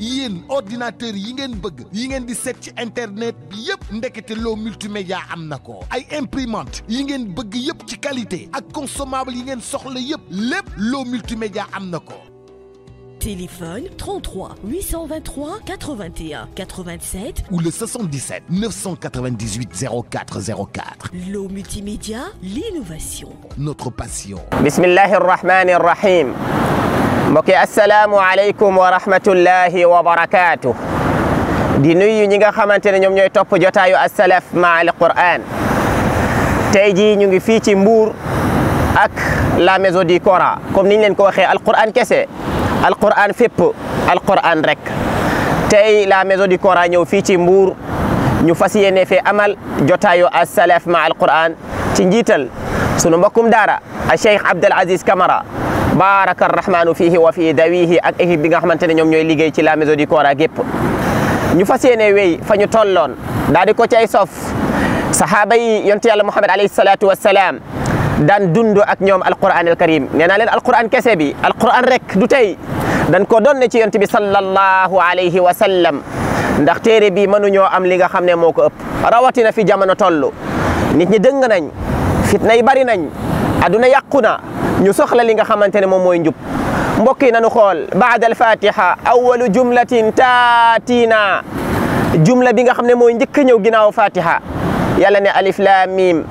yéen ordinateur yi ngeen bëgg yi ngeen di un internet bi yépp ndekete loo multimédia am na ay imprimante yi ngeen bëgg yépp ci qualité ak consommable yi ngeen soxla yépp lépp loo multimédia am na téléphone 33 823 81 87 ou le 77 998 0404. L'eau multimédia, l'innovation. Notre passion. ar-Rahman Rahim. mbokk yi asalaamualeykum wa rahmatullahi wa barakaatu. di nuyu ñi nga xamante ne ñoom ñooy topp jotaayu asalaf ma al Qur'an. tey jii ñu ngi fii ci Mbour ak la maison du Coran comme niñ leen ko waxee Alqur'an kese Alqur'an fépp Alqur'an rek. tey la maison du Coran ñëw fii ci Mbour ñu fas yéene fee amal jotaayu asalaf ma al Qur'an ci njiital sunu mbokkum daara a Cheikh Abdel Aziz Camara. baraka rahmaanu fiihi wa fii dawihi ak équipe bi nga xamante ne ñoom ñooy liggéey ci la maison du Coran ñu fa yéene wéy fa ñu tolloon daal di ko cay sof sahaaba yi yonte yàlla Muhammad alayhi salaatu wassalaam daan dund ak ñoom alquran al karim nee naa leen alquran kese bi alquran rek du tey dañ ko doon ci yonte bi sallallahu alayhi wa sallam ndax téere bi mënuñoo am li nga xam ne moo ko ëpp rawatina fi jamono toll nit ñi dëng nañ fitna yi bari nañ aduna yàqu na ñu soxla li nga xamante ne moom mooy njub mbokk yi nañu xool baada alfatiha awalu jumlatin tiina jumla bi nga xam ne mooy njëkk ñëw ginnaaw fatiha yàlla ne alif laam miim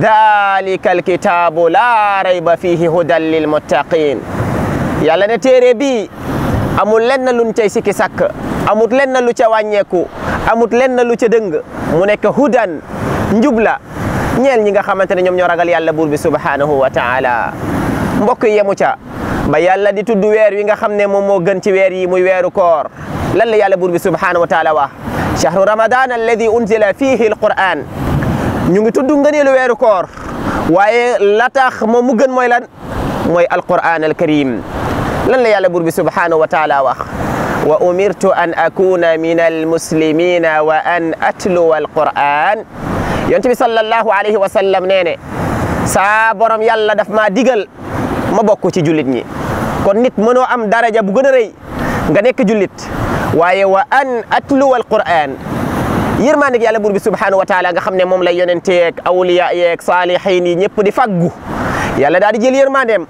dalika alkitaabu laa rayba fiihi hudan lil muttaqin yàlla ne téere bii amul lenn luñ cay sikki sàkk amut lenn lu ca wàññeeku amut lenn lu ca dëng mu nekk hudan njubla ñeel ñi nga xamante ne ñoom ñoo ragal yàlla buur bi wa taala mbokk yemu ca ba yàlla di tuddu wer wi nga xamne mom mo gën ci wer yi muy weru koor lan la yàlla bur bi subhanahu wa taala wa shahru ramadan alladhi unzila fihi alquran ñu ngi tuddu ngeenelu weru koor waye la tax mom mu gën moy lan moy alquran alkarim lan la yàlla bur bi subhanahu wa taala wax wa umirtu an akuna min almuslimina wa an atluwa alquran yonent bi sallallahu alayhi wa sallam nee ne saa borom yàlla daf maa digal ma bokk ci jullit ñi kon nit mënoo am daraja bu gën a rëy nga nekk jullit waaye wa an atluwal qur'an yërmaandeg yàlla buur bi subhaanahu wa taala nga xam ne moom la yonente yeeg awliya yi ñëpp di faggu yàlla daal di jël yërmaandeem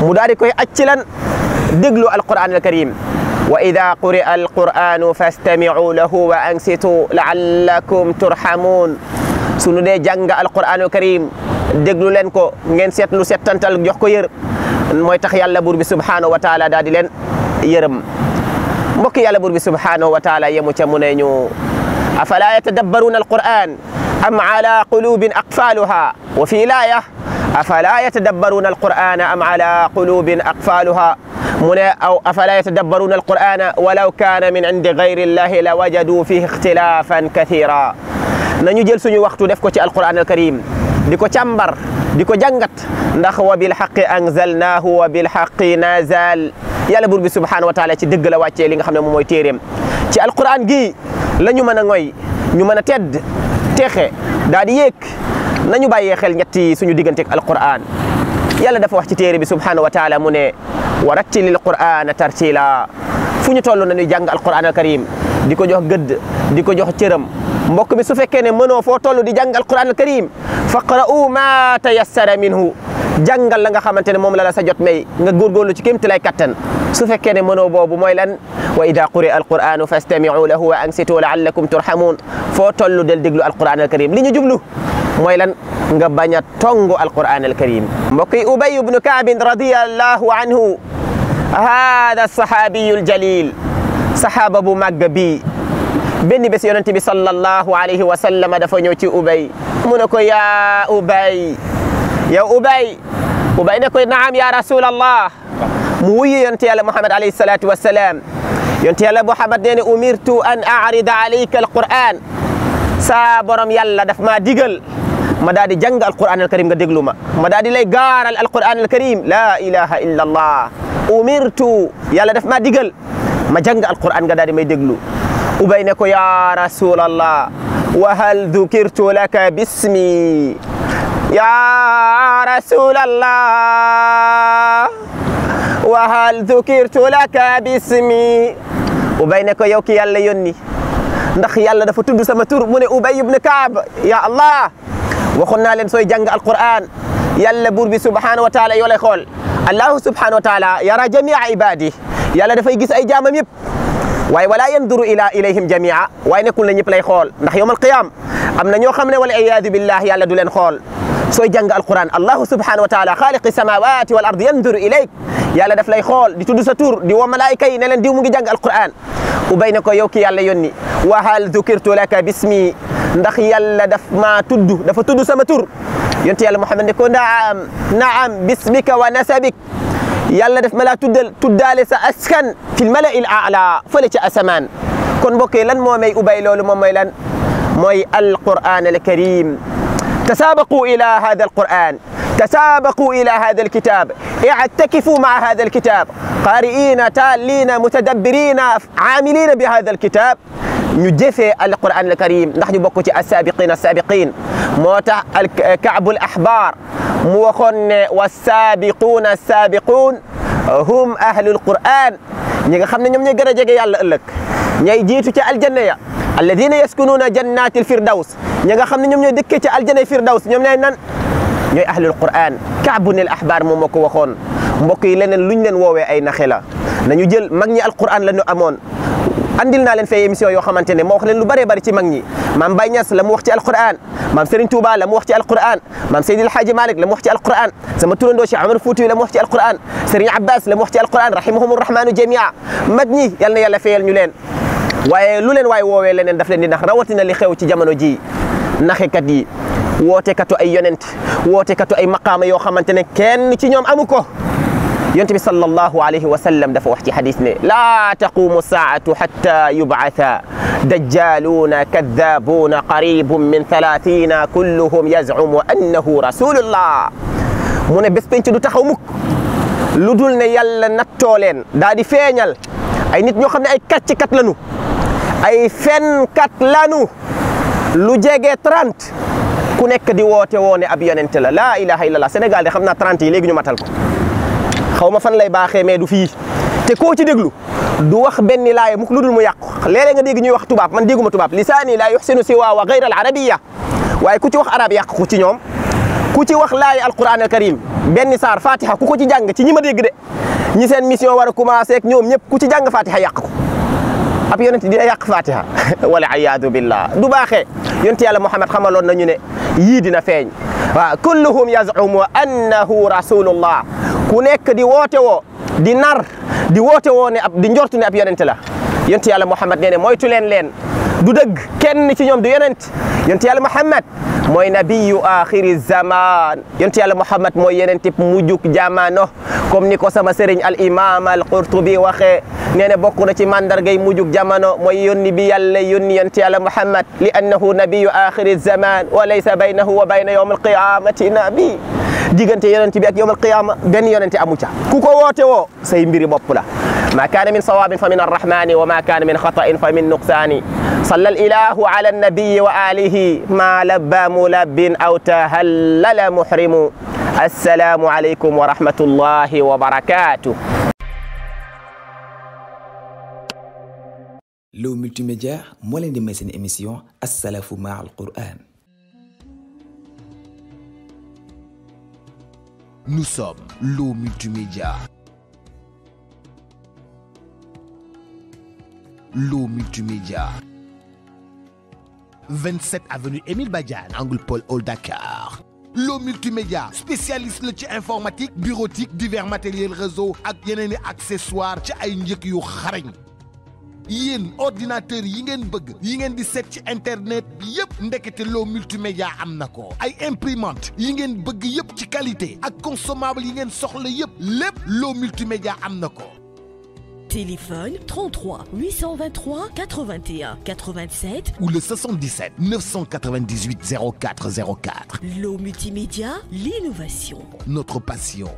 mu daal di koy acc lan déglu alquran al karim ida quri'a alquranu fastami'u lahu wa ansitu la'allakum turhamun sunu dee jàng alquran al déglu len ko ngeen setlu setantal jox ko yeur moy tax yàlla bur bi subhanahu wa taala dal di len yërëm mbok yàlla bur bi subhanahu wa taala yemu ca mu ñu afala yatadabbaruna alquran am ala qulubin aqfalaha wa fi laya afala yatadabbaruna alquran am ala qulubin aqfalaha من أو أفلا يتدبرون القرآن ولو كان من عند غير الله لوجدوا فيه اختلافا كثيرا ixtilaafan وقت nañu القرآن الكريم di ko càmbar di ko jàngat ndax wa bil xaqi anzalnaahu wa bil xaqi nazal yàlla buur bi subhaanahu wa taala ci dëgg la wàccee li nga xam ne moom mooy téeréem ci alquran gi la ñu mën a ngoy ñu mën a tedd texe daal di nañu bàyyee xel ñetti suñu digganteeg alquran yàlla dafa wax ci téere bi subhaanahu wa taala mu ne wa rattilil qur'ana tartila fu ñu toll nañuy jàng alquran al karim di ko jox gëdd di ko jox cëram mbokk mi su fekkee ne mënoo foo toll di jàngal quran al karim faqra'u ma tayassara minhu jàngal la nga xamante ne moom la la sa jot may nga góorgóorlu ci kémti lay kattan su fekkee ne mënoo boobu mooy lan wa ida quri'a alquranu fastami'u lahu wa ansitu la'allakum turhamun foo toll del déglu alquran al karim li ñu jublu mooy lan nga bañ a tongu alquran al karim mbokk yi ubay ibnu kaabin radiallahu anhu hada sahabiyu aljalil sahaaba bu màgg bii بن بس يونتي صلى الله عليه وسلم دا فا نيو تي مونكو يا اوباي يا اوباي اوباي نكو نعم يا رسول الله موي يونتي الله محمد عليه الصلاه والسلام يونتي الله محمد ني امرت ان اعرض عليك القران سا بروم يالا داف ما ديغل ما دادي جانغ القران الكريم غا ديغلوما ما دادي لي غارال القران الكريم لا اله الا الله امرت يالا داف ما ديغل ما جانغ القران غا دادي وبينك يا رسول الله وهل ذكرت لك باسمي يا رسول الله وهل ذكرت لك باسمي وبينك يا كي يلا يوني ندخ يلا دفو تدو سما تور من ابي بن كعب يا الله وخنا لين سوي جانغ القران يلا بور بي سبحانه وتعالى يولي خول الله سبحانه وتعالى يرى جميع عباده يلا دفاي غيس اي جامم waaye walaa yanduru ila ilayhim jamia waaye nekkul na ñëpp lay xool ndax yowmal qiyaam am na ñoo wal iyaadu billah yàlla du leen xool sooy jàng alquran allah subhanahu wa taala khaliq samawati wal ard yanduru ilayk yàlla daf lay xool di tuddu sa tour di wo malaika yi ne len diw mu ngi jàng alquran u bayne ko yow ki yàlla yónni wa hal dhukirtu laka bismi ndax yàlla daf ma tuddu dafa tuddu sama tour yonti yàlla muhammad ne ko naam naam bismika wa nasabik يالا def ملا laa tuddal tuddaale sa askan fil mala'il a'la fële ca asamaan kon mbokk yi lan moo مومي ubay loolu تسابقوا إلى هذا القرآن تسابقوا إلى هذا الكتاب اعتكفوا مع هذا الكتاب قارئين تالين متدبرين عاملين بهذا الكتاب نجفي القرآن الكريم نحن بكتي السابقين السابقين موتى كعب الأحبار موخون والسابقون السابقون هم اهل القران نيغا خامني نيوم ني غرا جيغي يالا الك ني جيتو تي الجنه الذين يسكنون جنات الفردوس نيغا خامني نيوم ني ديكي تي الجنه الفردوس نيوم ناي نان ني اهل القران كعب الاحبار موموكو وخون موكي لنن لون لن ووي اي نخيلا نانيو جيل ماغني القران لانو امون andil na len fay émission yo xamantene mo wax len lu bare bare ci mag ñi mam bay ñass lam wax ci alquran mam Serigne Touba lam wax ci alquran mam sayyid alhaj malik lam wax ci alquran sama turando Cheikh Omar Foutiyu lam wax ci alquran Serigne Abbas lam wax ci alquran rahimahumur rahman jamia mag ñi yal yàlla fayal ñu len waye lu len way wowe lenen daf len di nax na li xew ci jamono ji kat yi wootekatu ay yonent wootekatu ay maqama yo xamantene kenn ci ñom amuko ينتبه صلى الله عليه وسلم دفع وحتي حديثنا لا تقوم الساعة حتى يبعث دجالون كذابون قريب من ثلاثين كلهم يزعم أنه رسول الله من بس بين تدو تخومك لدول نيال نتولين دادي فينيال أي نتنو خمنا أي كاتش كاتلانو أي فين كاتلانو لجيجي ترانت كونك دي ووتي ووني أبيان انتلا لا إله إلا الله سنغال دي خمنا ترانتي ليجي نمتلكو xawma fan lay baxé mais du fi te ko ci déglu du wax benn laay mu luddul mu yaqu lélé nga dégg ñuy wax tubab man dégguma tubab lisani la yuhsinu siwa wa gayra al arabiyya waaye ku ci wax arab yàq ku ci ñom ku ci wax al qur'an al karim benn sar fatiha ku ko ci jàng ci ñima dégg de ñi seen mission wara commencé ak ñom ñep ku ci jàng fatiha yàq ko ab yonent di yàq fatiha wala ayyadu billah du baxé yonent yàlla muhammad xamalon na ñu ne yi dina feñ wa kulluhum yazumu annahu rasulullah ku nekk di woote woo di nar di woote woo ne ab di njortu ne ab yonente la yonent yàlla Muhammad nee ne moytu leen leen du dëgg kenn ci ñoom du yonent yonent yàlla Muhammad mooy nabiyu axiri zaman yonent yàlla Muhammad mooy yonent bu mujjug comme ni ko sama sëriñ al imam al qurtubi waxee nee na bokk na ci mandargay mujjug jamono mooy yónni bi yàlla yónni yonent yàlla Muhammad li annahu nabiyu axiri zaman wa laysa baynahu wa bayna yawm al qiyamati nabi diggante yonenti bi ak yawmal qiyamah benn yonenti amu ca ku ko woote woo say mbiri bop la ma kana min sawabin fa min arrahmaani wa ma kana min khata'in fa min nuqsaani صلى الإله على النبي وآله ما لبى ملب أو تهلل محرم السلام عليكم ورحمة الله وبركاته لو ملتي ميديا مولين دي ميسين émission السلف مع القرآن Nous sommes l'eau multimédia. L'eau multimédia. 27 avenue Émile Badian, Angle Paul Hall Dakar. L'eau multimédia spécialiste de informatique bureautique divers matériels réseau et les accessoires ci yéen ordinateur yi ngeen bëgg yi ngeen di ci internet bi yëpp ndekete loo multimédia am na ko ay imprimante yi ngeen bëgg yépp ci qualité ak consommable yi ngeen soxla yépp lépp loo multimédia am ko téléphone 33 823 81 87 ou le 77 998 0404 L'eau multimédia, l'innovation. Notre passion.